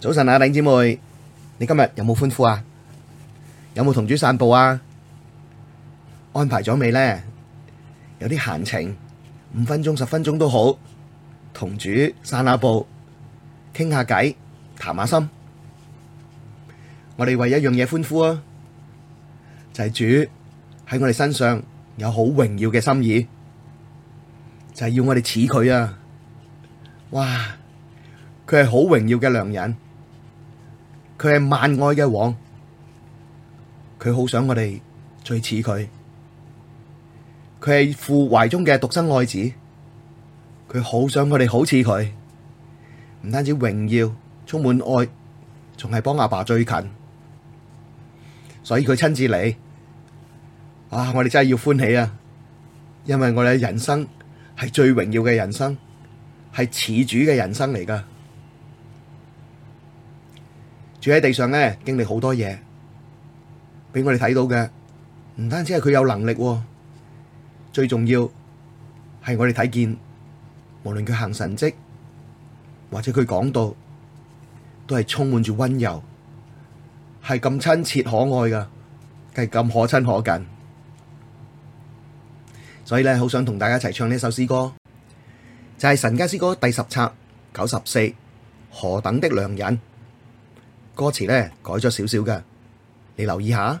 早晨啊，領姐妹，你今日有冇歡呼啊？有冇同主散步啊？安排咗未呢？有啲閒情，五分鐘、十分鐘都好，同主散下步，傾下偈，談下心。我哋為一,一樣嘢歡呼啊！就係、是、主喺我哋身上有好榮耀嘅心意，就係、是、要我哋似佢啊！哇，佢係好榮耀嘅良人。佢係萬愛嘅王，佢好想我哋最似佢。佢係父懷中嘅獨生愛子，佢好想我哋好似佢。唔單止榮耀，充滿愛，仲係幫阿爸最近，所以佢親自嚟。啊！我哋真係要歡喜啊！因為我哋嘅人生係最榮耀嘅人生，係似主嘅人生嚟㗎。住喺地上咧，經歷好多嘢，俾我哋睇到嘅，唔單止係佢有能力，最重要係我哋睇見，無論佢行神蹟或者佢講道，都係充滿住溫柔，係咁親切可愛噶，係咁可親可近。所以咧，好想同大家一齊唱呢首詩歌，就係、是《神家詩歌》第十冊九十四何等的良人。歌詞呢改咗少少嘅，你留意下。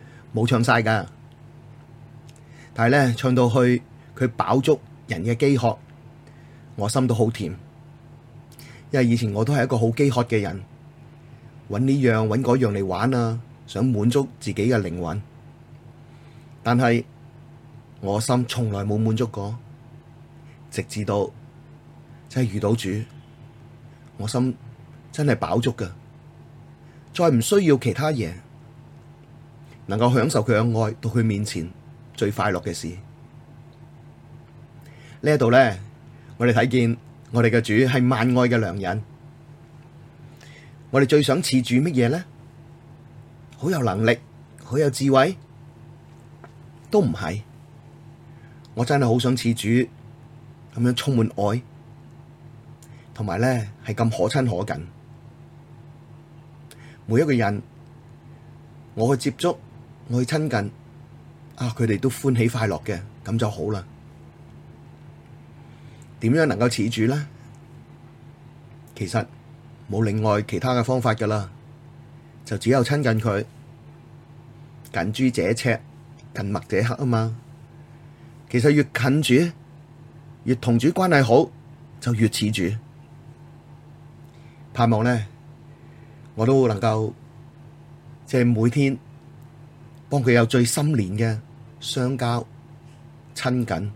冇唱晒噶，但係咧唱到去佢飽足人嘅飢渴，我心都好甜。因為以前我都係一個好飢渴嘅人，揾呢樣揾嗰樣嚟玩啊，想滿足自己嘅靈魂。但係我心從來冇滿足過，直至到真係遇到主，我心真係飽足噶，再唔需要其他嘢。能夠享受佢嘅愛，到佢面前最快樂嘅事，呢一度咧，我哋睇見我哋嘅主係萬愛嘅良人。我哋最想似住乜嘢咧？好有能力，好有智慧，都唔係。我真係好想似主，咁樣充滿愛，同埋咧係咁可親可近。每一個人，我去接觸。我去親近，啊，佢哋都歡喜快樂嘅，咁就好啦。點樣能夠似主呢？其實冇另外其他嘅方法噶啦，就只有親近佢，近朱者赤，近墨者黑啊嘛。其實越近主，越同主關係好，就越似主。盼望呢，我都能夠即係每天。幫佢有最心連嘅相交親近，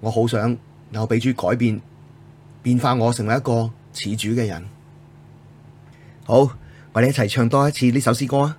我好想有俾主改變，變化我成為一個似主嘅人。好，我哋一齊唱多一次呢首詩歌啊！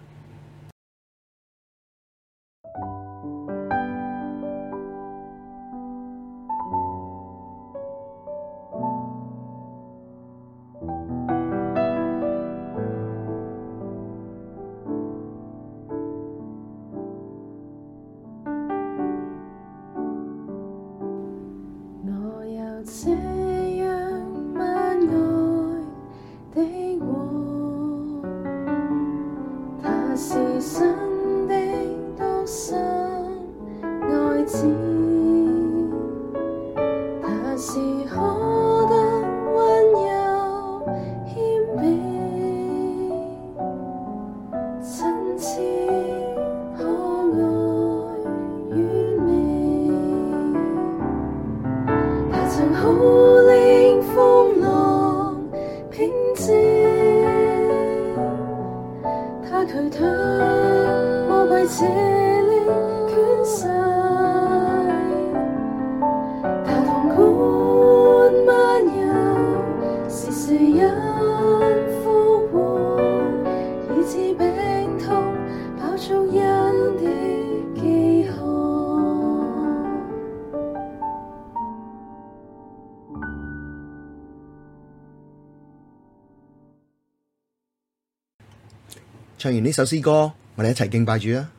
唱完呢首詩歌，我哋一齊敬拜主啦！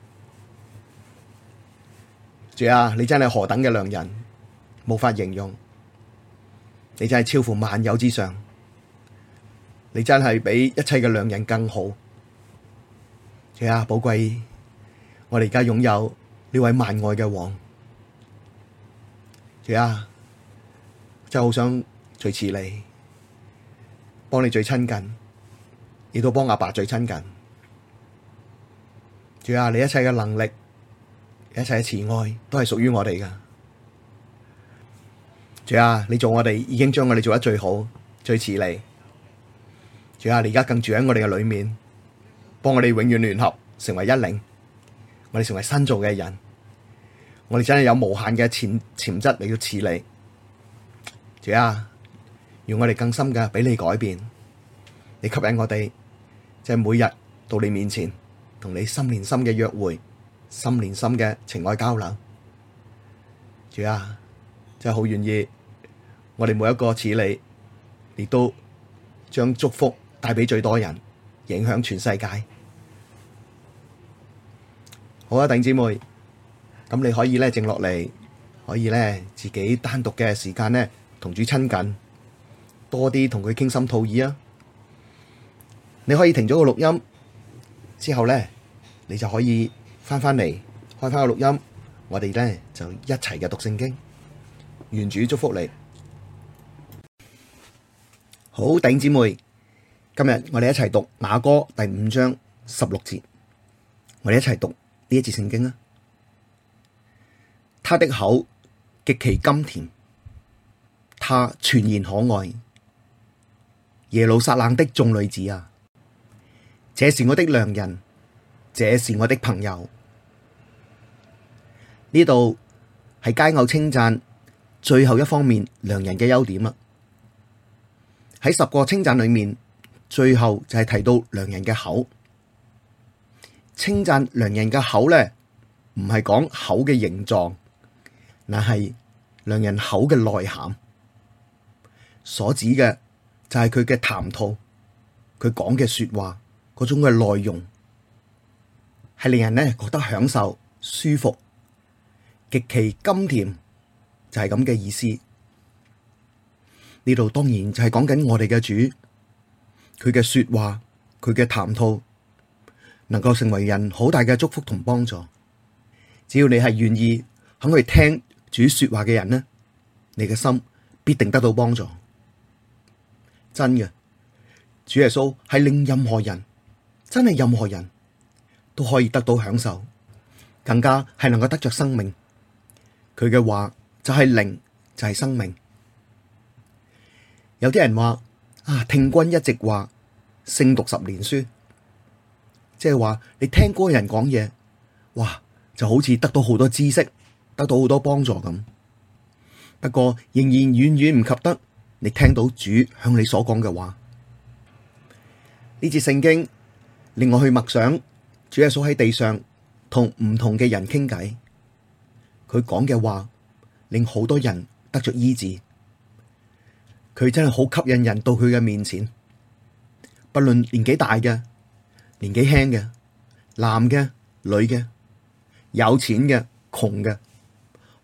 主啊，你真係何等嘅良人，無法形容。你真係超乎萬有之上，你真係比一切嘅良人更好。主啊，寶貴，我哋而家擁有呢位萬愛嘅王。主啊，我真係好想隨侍你，幫你最親近，亦都幫阿爸、爸最親近。主啊，你一切嘅能力、一切嘅慈愛都係屬於我哋噶。主啊，你做我哋已經將我哋做得最好、最似你。主啊，你而家更住喺我哋嘅裏面，幫我哋永遠聯合成為一靈，我哋成為新造嘅人，我哋真係有無限嘅潛潛質嚟到似你。主啊，用我哋更深噶俾你改變，你吸引我哋，即係每日到你面前。同你心連心嘅約會，心連心嘅情愛交流，主啊，真係好願意，我哋每一個似你，亦都將祝福帶俾最多人，影響全世界。好啊，弟兄姊妹，咁你可以咧靜落嚟，可以咧自己單獨嘅時間咧同主親近，多啲同佢傾心吐意啊！你可以停咗個錄音。之後呢，你就可以翻翻嚟開翻個錄音，我哋呢，就一齊嘅讀聖經，願主祝福你。好，弟姊妹，今日我哋一齊讀雅歌第五章十六節，我哋一齊讀呢一節聖經啊！他的口極其甘甜，他全然可愛，耶路撒冷的眾女子啊！這是我的良人，這是我的朋友。呢度係佳偶稱讚最後一方面良人嘅優點啦。喺十個稱讚裏面，最後就係提到良人嘅口。稱讚良人嘅口咧，唔係講口嘅形狀，但係良人口嘅內涵，所指嘅就係佢嘅談吐，佢講嘅說話。嗰種嘅內容係令人呢覺得享受舒服，極其甘甜，就係咁嘅意思。呢度，當然就係講緊我哋嘅主，佢嘅說話，佢嘅談吐能夠成為人好大嘅祝福同幫助。只要你係願意肯去聽主說話嘅人，呢，你嘅心必定得到幫助。真嘅，主耶穌係令任何人。真係任何人都可以得到享受，更加係能夠得着生命。佢嘅話就係靈，就係、是、生命。有啲人話啊，聽君一席話勝讀十年書，即係話你聽嗰個人講嘢，哇，就好似得到好多知識，得到好多幫助咁。不過仍然遠遠唔及得你聽到主向你所講嘅話。呢節聖經令我去默想，主耶穌喺地上同唔同嘅人傾偈，佢講嘅話令好多人得咗醫治，佢真係好吸引人到佢嘅面前，不論年紀大嘅、年紀輕嘅、男嘅、女嘅、有錢嘅、窮嘅、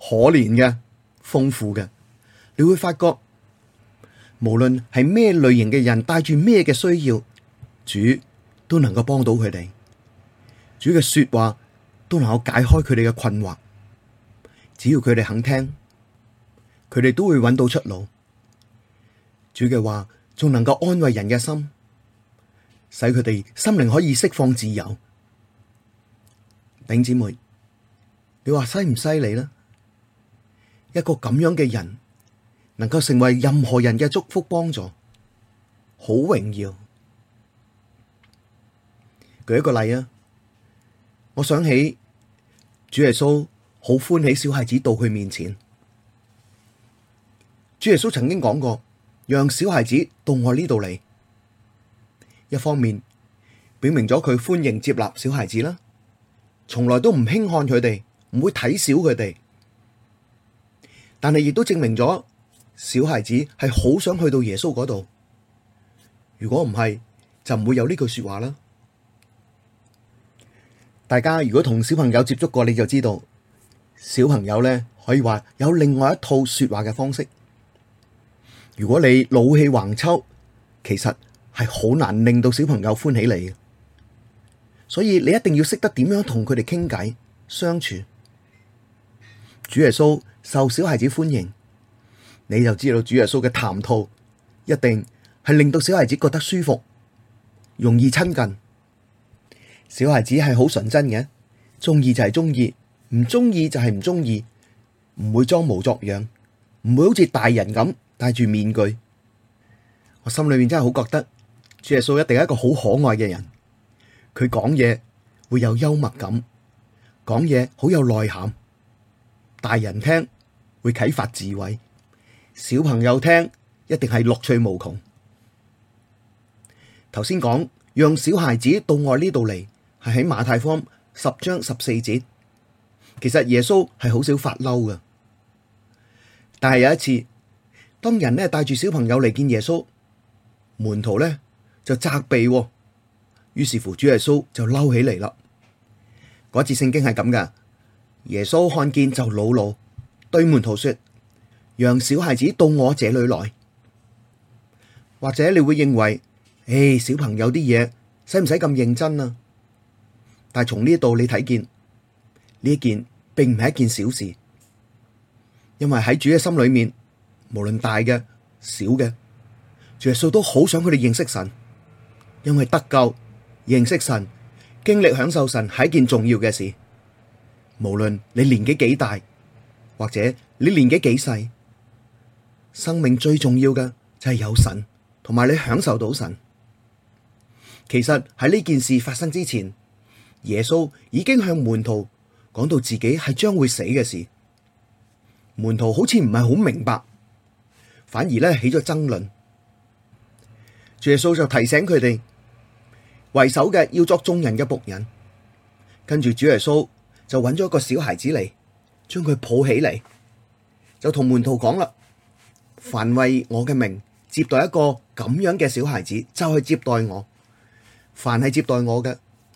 可憐嘅、豐富嘅，你會發覺無論係咩類型嘅人，帶住咩嘅需要，主。都能夠幫到佢哋，主嘅說話都能夠解開佢哋嘅困惑，只要佢哋肯聽，佢哋都會揾到出路。主嘅話仲能夠安慰人嘅心，使佢哋心靈可以釋放自由。頂姐妹，你話犀唔犀利呢？一個咁樣嘅人，能夠成為任何人嘅祝福幫助，好榮耀。舉一個例啊！我想起主耶穌好歡喜小孩子到佢面前。主耶穌曾經講過，讓小孩子到我呢度嚟。一方面表明咗佢歡迎接納小孩子啦，從來都唔輕看佢哋，唔會睇小佢哋。但係亦都證明咗小孩子係好想去到耶穌嗰度。如果唔係，就唔會有呢句說話啦。大家如果同小朋友接觸過，你就知道小朋友呢，可以話有另外一套說話嘅方式。如果你老氣橫秋，其實係好難令到小朋友歡喜你。所以你一定要識得點樣同佢哋傾偈相處。主耶穌受小孩子歡迎，你就知道主耶穌嘅談吐一定係令到小孩子覺得舒服、容易親近。小孩子係好純真嘅，中意就係中意，唔中意就係唔中意，唔會裝模作樣，唔會好似大人咁戴住面具。我心裏面真係好覺得，主耶穌一定係一個好可愛嘅人。佢講嘢會有幽默感，講嘢好有內涵，大人聽會啟發智慧，小朋友聽一定係樂趣無窮。頭先講，讓小孩子到我呢度嚟。係喺馬太方十章十四節，其實耶穌係好少發嬲噶，但係有一次，當人呢帶住小朋友嚟見耶穌門徒呢就責備，於是乎主耶穌就嬲起嚟啦。嗰次聖經係咁噶，耶穌看見就惱怒對門徒說：讓小孩子到我這裏來。或者你會認為，誒、哎、小朋友啲嘢使唔使咁認真啊？但係從呢度你睇見呢一件，並唔係一件小事，因為喺主嘅心裏面，無論大嘅、小嘅，耶穌都好想佢哋認識神，因為得救、認識神、經歷、享受神係一件重要嘅事。無論你年紀幾大，或者你年紀幾細，生命最重要嘅就係有神，同埋你享受到神。其實喺呢件事發生之前。耶穌已經向門徒講到自己係將會死嘅事，門徒好似唔係好明白，反而咧起咗爭論。耶穌就提醒佢哋，為首嘅要作眾人嘅僕人。跟住主耶穌就揾咗一個小孩子嚟，將佢抱起嚟，就同門徒講啦，凡為我嘅名接待一個咁樣嘅小孩子，就去接待我。凡係接待我嘅，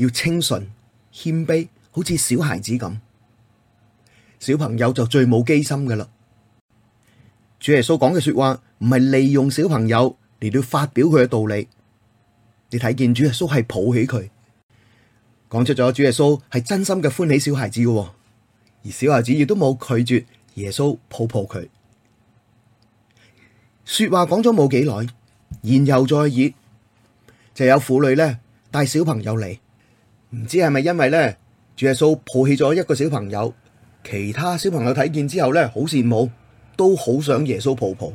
要清純謙卑，好似小孩子咁，小朋友就最冇機心噶啦。主耶穌講嘅說話唔係利用小朋友嚟到發表佢嘅道理，你睇見主耶穌係抱起佢，講出咗，主耶穌係真心嘅歡喜小孩子嘅，而小孩子亦都冇拒絕耶穌抱抱佢。說話講咗冇幾耐，然後再熱，就有婦女咧帶小朋友嚟。唔知係咪因為咧，主耶穌抱起咗一個小朋友，其他小朋友睇見之後咧，好羨慕，都好想耶穌抱抱，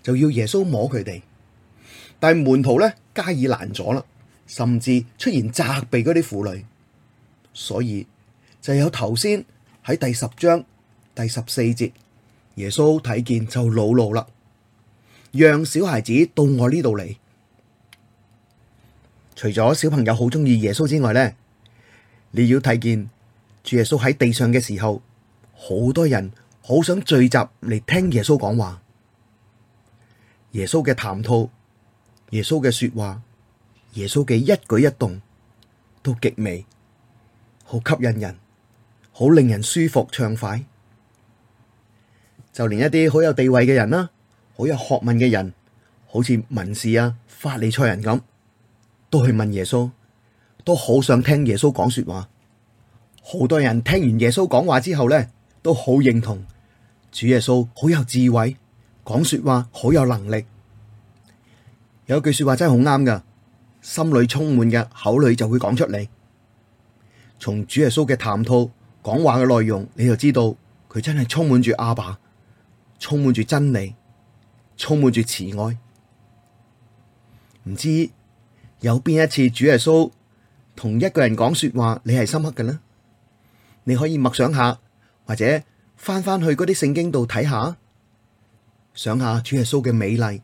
就要耶穌摸佢哋。但係門徒咧，加以攔阻啦，甚至出現責備嗰啲婦女。所以就有頭先喺第十章第十四節，耶穌睇見就惱怒啦，讓小孩子到我呢度嚟。除咗小朋友好鍾意耶穌之外咧，你要睇見主耶穌喺地上嘅時候，好多人好想聚集嚟聽耶穌講話，耶穌嘅談吐，耶穌嘅說話，耶穌嘅一舉一動都極美，好吸引人，好令人舒服暢快，就連一啲好有地位嘅人啦，好有學問嘅人，好似文士啊、法利賽人咁。都去問耶穌，都好想聽耶穌講說話。好多人聽完耶穌講話之後呢，都好認同主耶穌好有智慧，講說話好有能力。有句說話真係好啱㗎，心裏充滿嘅，口裏就會講出嚟。從主耶穌嘅談吐、講話嘅內容，你就知道佢真係充滿住阿爸，充滿住真理，充滿住慈愛。唔知？有邊一次主耶穌同一個人講說話，你係深刻嘅呢？你可以默想下，或者翻翻去嗰啲聖經度睇下，想下主耶穌嘅美麗，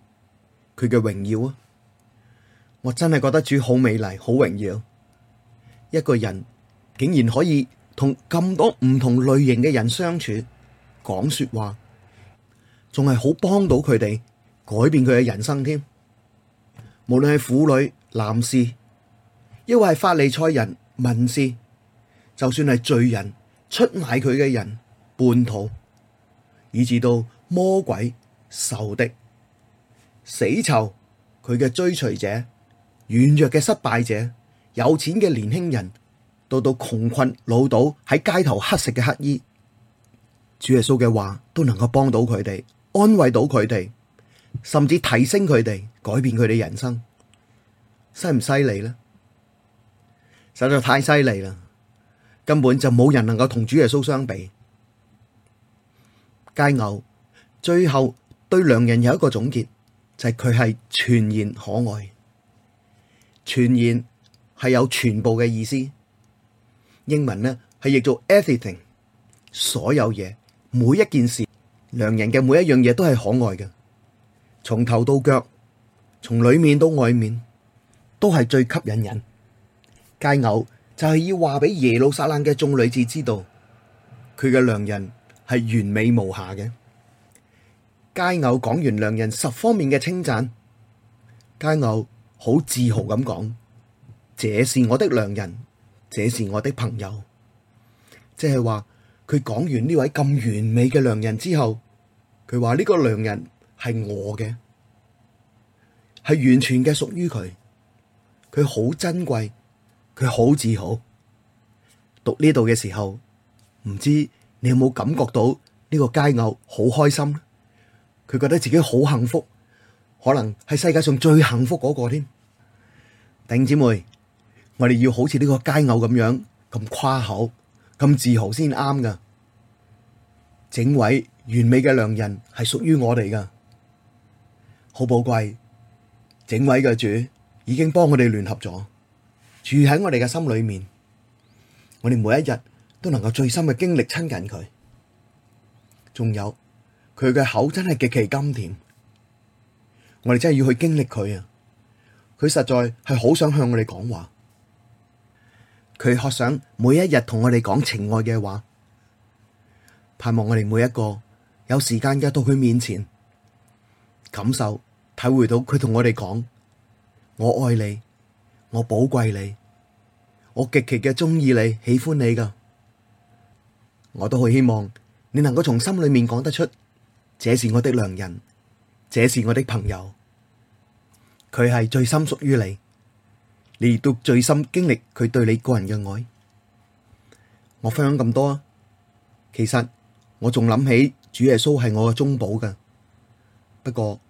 佢嘅榮耀啊！我真係覺得主好美麗，好榮耀。一個人竟然可以同咁多唔同類型嘅人相處，講說話，仲係好幫到佢哋改變佢嘅人生添。無論係婦女。男士，因為係法利賽人、文士，就算係罪人、出賣佢嘅人、叛徒，以至到魔鬼、仇敵、死囚、佢嘅追隨者、軟弱嘅失敗者、有錢嘅年輕人，到到窮困老倒喺街頭乞食嘅乞兒，主耶穌嘅話都能夠幫到佢哋，安慰到佢哋，甚至提升佢哋，改變佢哋人生。犀唔犀利咧？實在太犀利啦！根本就冇人能夠同主耶穌相比。佳偶最後對良人有一個總結，就係佢係全然可愛。全然係有全部嘅意思，英文呢係譯做 everything，所有嘢，每一件事，良人嘅每一樣嘢都係可愛嘅，從頭到腳，從裏面到外面。都係最吸引人。佳偶就係要話俾耶路撒冷嘅眾女子知道，佢嘅良人係完美無瑕嘅。佳偶講完良人十方面嘅稱讚，佳偶好自豪咁講：這是我的良人，這是我的朋友。即係話佢講完呢位咁完美嘅良人之後，佢話呢個良人係我嘅，係完全嘅屬於佢。佢好珍貴，佢好自豪。讀呢度嘅時候，唔知你有冇感覺到呢個佳偶好開心？佢覺得自己好幸福，可能係世界上最幸福嗰個添。弟兄姊妹，我哋要好似呢個佳偶咁樣，咁誇口，咁自豪先啱噶。整位完美嘅良人係屬於我哋噶，好寶貴。整位嘅主。已經幫我哋聯合咗，住喺我哋嘅心裏面，我哋每一日都能夠最深嘅經歷親近佢。仲有佢嘅口真係極其甘甜，我哋真係要去經歷佢啊！佢實在係好想向我哋講話，佢渴想每一日同我哋講情愛嘅話，盼望我哋每一個有時間嘅到佢面前感受，體會到佢同我哋講。我愛你，我寶貴你，我極其嘅鍾意你，喜歡你㗎，我都好希望你能夠從心裏面講得出，這是我的良人，這是我的朋友，佢係最深屬於你，你亦都最深經歷佢對你個人嘅愛。我分享咁多，其實我仲諗起主耶穌係我嘅中保㗎，不過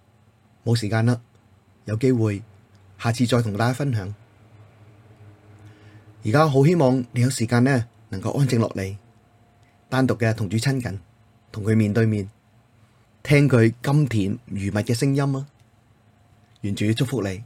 冇時間啦，有機會。下次再同大家分享。而家好希望你有時間呢，能夠安靜落嚟，單獨嘅同主親近，同佢面對面，聽佢甘甜如蜜嘅聲音啊！願主祝福你。